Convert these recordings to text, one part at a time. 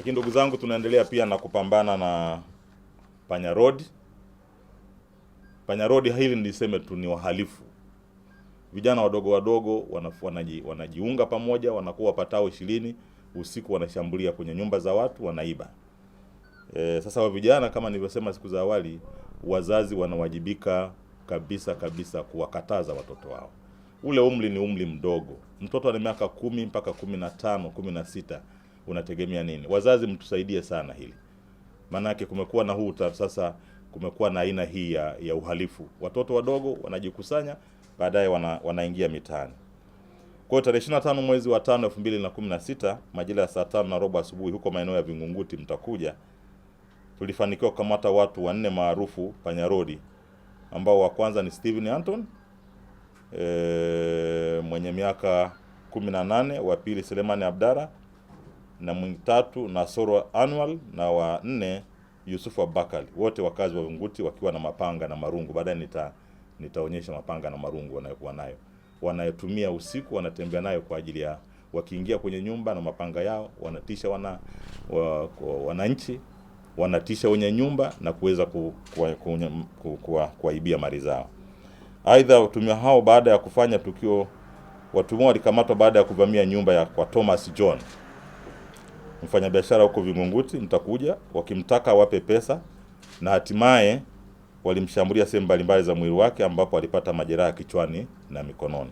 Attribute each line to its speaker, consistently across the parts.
Speaker 1: Lakini ndugu zangu, tunaendelea pia na kupambana na panya road. Panya road hili niliseme tu ni wahalifu vijana wadogo wadogo wanaji, wanajiunga pamoja, wanakuwa wapatao ishirini. Usiku wanashambulia kwenye nyumba za watu, wanaiba. E, sasa wa vijana kama nilivyosema siku za awali, wazazi wanawajibika kabisa kabisa kuwakataza watoto wao. Ule umri ni umri mdogo, mtoto ana miaka kumi mpaka kumi na tano, kumi na sita unategemea nini? Wazazi mtusaidie sana hili, maanake kumekuwa na huu sasa, kumekuwa na aina hii ya, ya uhalifu. Watoto wadogo wanajikusanya baadaye wana, wanaingia mitaani. Kwa hiyo tarehe 25 mwezi wa 5 2016 majira ya saa tano na robo asubuhi huko maeneo ya Vingunguti mtakuja, tulifanikiwa kukamata watu wanne maarufu panyarodi ambao wa kwanza ni Steven Anton e, mwenye miaka 18, wa pili Selemani Abdara na Mwitatu Nasoro Anwar na wa nne Yusufu Abakali, wote wakazi wa Vinguti wakiwa na mapanga na marungu. Baadaye nita nitaonyesha mapanga na marungu wanayokuwa nayo wanayotumia usiku, wanatembea nayo kwa ajili ya wakiingia kwenye nyumba na mapanga yao, wanatisha wana wananchi, wanatisha wenye nyumba na kuweza kuwaibia ku, mali zao. Aidha, watumia hao baada ya kufanya tukio, watumwa walikamatwa baada ya kuvamia nyumba ya kwa Thomas John mfanyabiashara huko Vingunguti, mtakuja wakimtaka wape pesa, na hatimaye walimshambulia sehemu mbalimbali za mwili wake ambapo alipata majeraha kichwani na mikononi.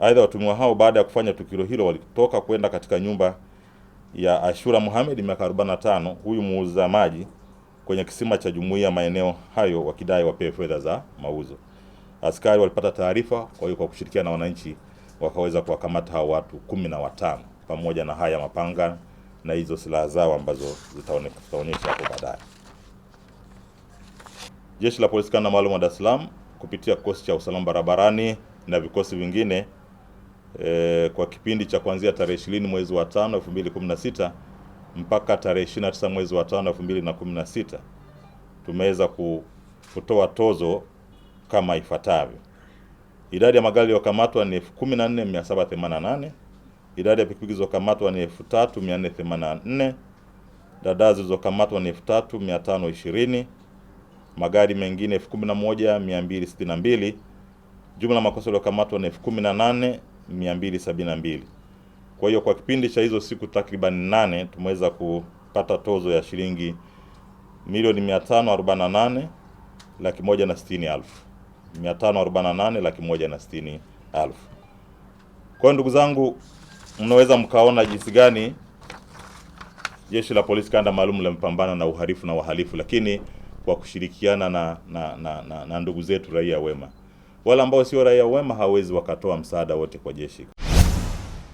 Speaker 1: Aidha, watumiwa hao baada ya kufanya tukio hilo walitoka kwenda katika nyumba ya Ashura Muhammad miaka 45, huyu muuza maji kwenye kisima cha jumuiya maeneo hayo wakidai wapewe fedha za mauzo. Askari walipata taarifa, kwa hiyo kwa kushirikiana na wananchi wakaweza kuwakamata hao watu kumi na watano pamoja na haya mapanga na hizo silaha zao ambazo zitaonyesha hapo baadaye. Jeshi la Polisi Kanda Maalum Dar es Salaam kupitia kikosi cha usalama barabarani na vikosi vingine e, kwa kipindi cha kuanzia tarehe 20 mwezi wa 5 2016 mpaka tarehe 29 mwezi wa 5 2016 tumeweza kutoa tozo kama ifuatavyo: idadi ya magari yaliyokamatwa ni 14788 Idadi ya pikipiki zilizokamatwa ni 3484, dadaa zilizokamatwa ni 3520, magari mengine 11262. Jumla makosa yaliyokamatwa ni 18272. Kwa hiyo kwa kipindi cha hizo siku takribani nane tumeweza kupata tozo ya shilingi milioni 548 laki moja na sitini elfu 548 laki moja na sitini elfu. Kwa hiyo ndugu zangu mnaweza mkaona jinsi gani jeshi la polisi kanda maalum limepambana na uhalifu na wahalifu, lakini kwa kushirikiana na, na, na, na, na ndugu zetu raia wema. Wale ambao sio raia wema hawezi wakatoa msaada wote kwa jeshi.